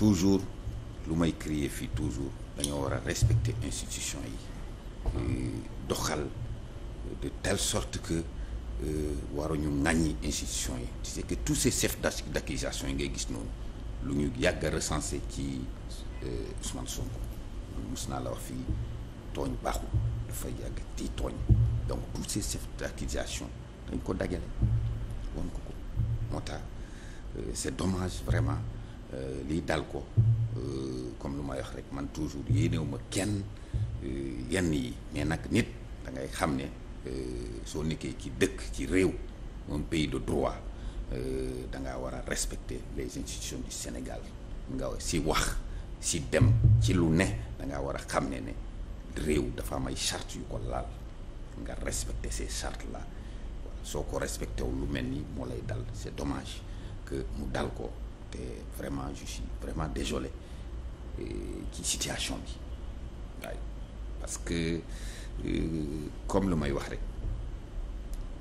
toujours lu may crier fii toujours dañoo war a respecter institution yi doxal de telle sorte que euh, waruñu ŋàññi institution yi c'est que tous ces chefs d'accusation yi ngay gis noonu lu ñu yàgg a recensé ci euh, Ousmane Sonko mus naa la wax fii tooñ baaxul dafa yàgg di tooñ donc tous ces chefs d'accusation dañ ko dajale woon ko ko moo tax euh, c'est dommage vraiment Euh, lii dal ko euh, comme lu may wax rek man toujours yéenewu ma kenn euh, yenn yi mais nag nit da ngay xam ne soo nekkee ki dëkk ci réew un pays de droit da ngaa war a respecter les institutions du Sénégal nga si wax si dem ci lu ne da ngaa war a xam ne ne réew dafa am ay charte yu ko laal nga respecter ces chartes là soo ko respecté wu lu mel ni moo lay dal c'est dommage que mu dal ko. te vraiment je suis vraiment désolé euh, ci situation bi waaye parce que euh, comme lu may wax rek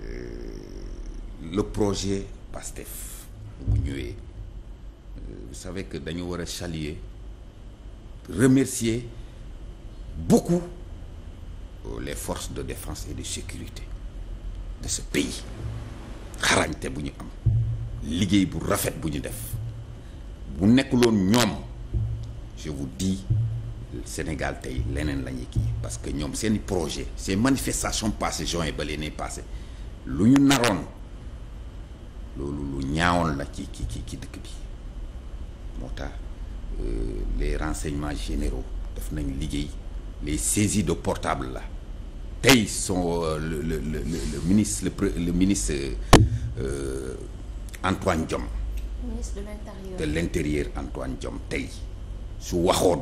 euh, le projet PASTEF bu ñëwee euh, vous savez que dañu war a saluer remercier beaucoup les forces de défense et de sécurité de ce pays xarañte bu ñu am liggéey bu rafet bu ñu def bu nekkuloon ñoom je vous dis Sénégal tey leneen la ñuy kii parce que ñoom seen projet ces manifestations passées juin ba leen passé lu ñu naroon loolu lu ñaawoon la ci ci ci dëkk bi moo tax euh, les renseignements généraux def nañ liggéey les saisies de portable la tey son euh, le le le le ministre le, le ministre euh, Antoine Diome ministre de l'intérieur te l'intérieur Antoine Diome tey su waxoon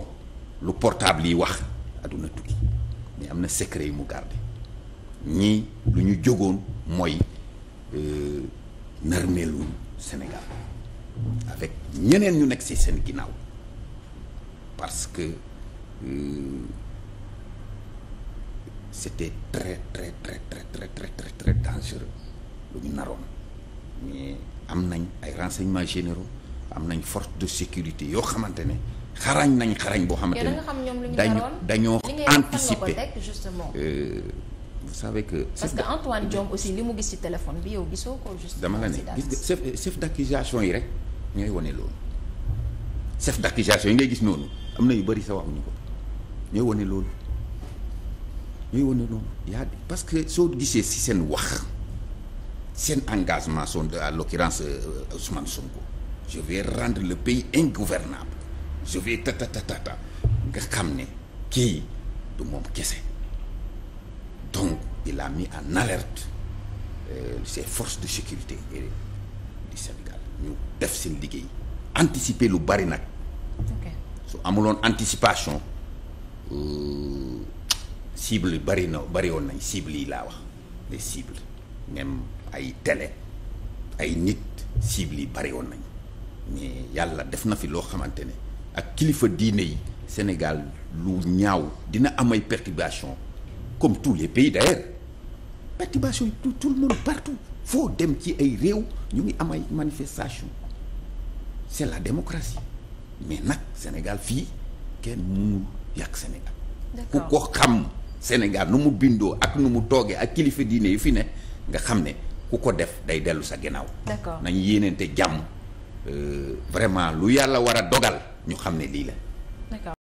lu portable yi wax aduna tukki mais am na secret yu mu gardé ñii lu ñu jógoon mooy euh, narmeelu Sénégal avec ñeneen ñu nekk ci seen ginnaaw parce que euh, c'était très très très très très très très très dangereux lu ñu naroon. mais am nañ ay renseignements généraux am nañ force de sécurité yoo xamante ne xarañ nañ xarañ boo xamante ne dañu dañoo anticiper euh, vous savez que. parce que Antoine Diome aussi li mu gis ci téléphone bi yow gisoo ko. dama la gis nga chef yi rek ñooy wone loolu chef d'accusation yi ngay gis noonu am na yu bari sa waxuñu ko ñooy wone loolu ñooy wone loolu yaa parce que soo gisee si seen wax. seen engagement sont à l'occurrence euh, Ousmane Sonko je vais rendre le pays ingouvernable je vais tatatatata nga xam ne kii du moom kese donc il a mis en alerte euh, ces forces de sécurité di du Sénégal ñu def seen liggéey anticiper lu bari nag su amuloon anticipation euh, cible bari na bari woon nañ cibles yi laa wax les cibles même ay télé ay nit cibles yi bari woon nañ mais yàlla def na fi loo xamante ne ak kilifa diine yi Sénégal lu ñaaw dina am ay perturbation comme tous les pays d'ailleurs perturbation yi tout le monde partout foo dem ci ay réew ñu ngi am manifestation c'est la démocratie mais nag Sénégal fii kenn mënul yàq Sénégal ku ko xam Sénégal nu mu bindoo ak nu mu toogee ak kilifa diine yi fi ne nga xam ne ku ko def day dellu sa ginnaaw. d'accord nañ yéeneente jàmm euh, vraiment lu yàlla war a dogal ñu xam ne lii la.